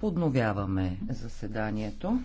Подновяваме заседанието.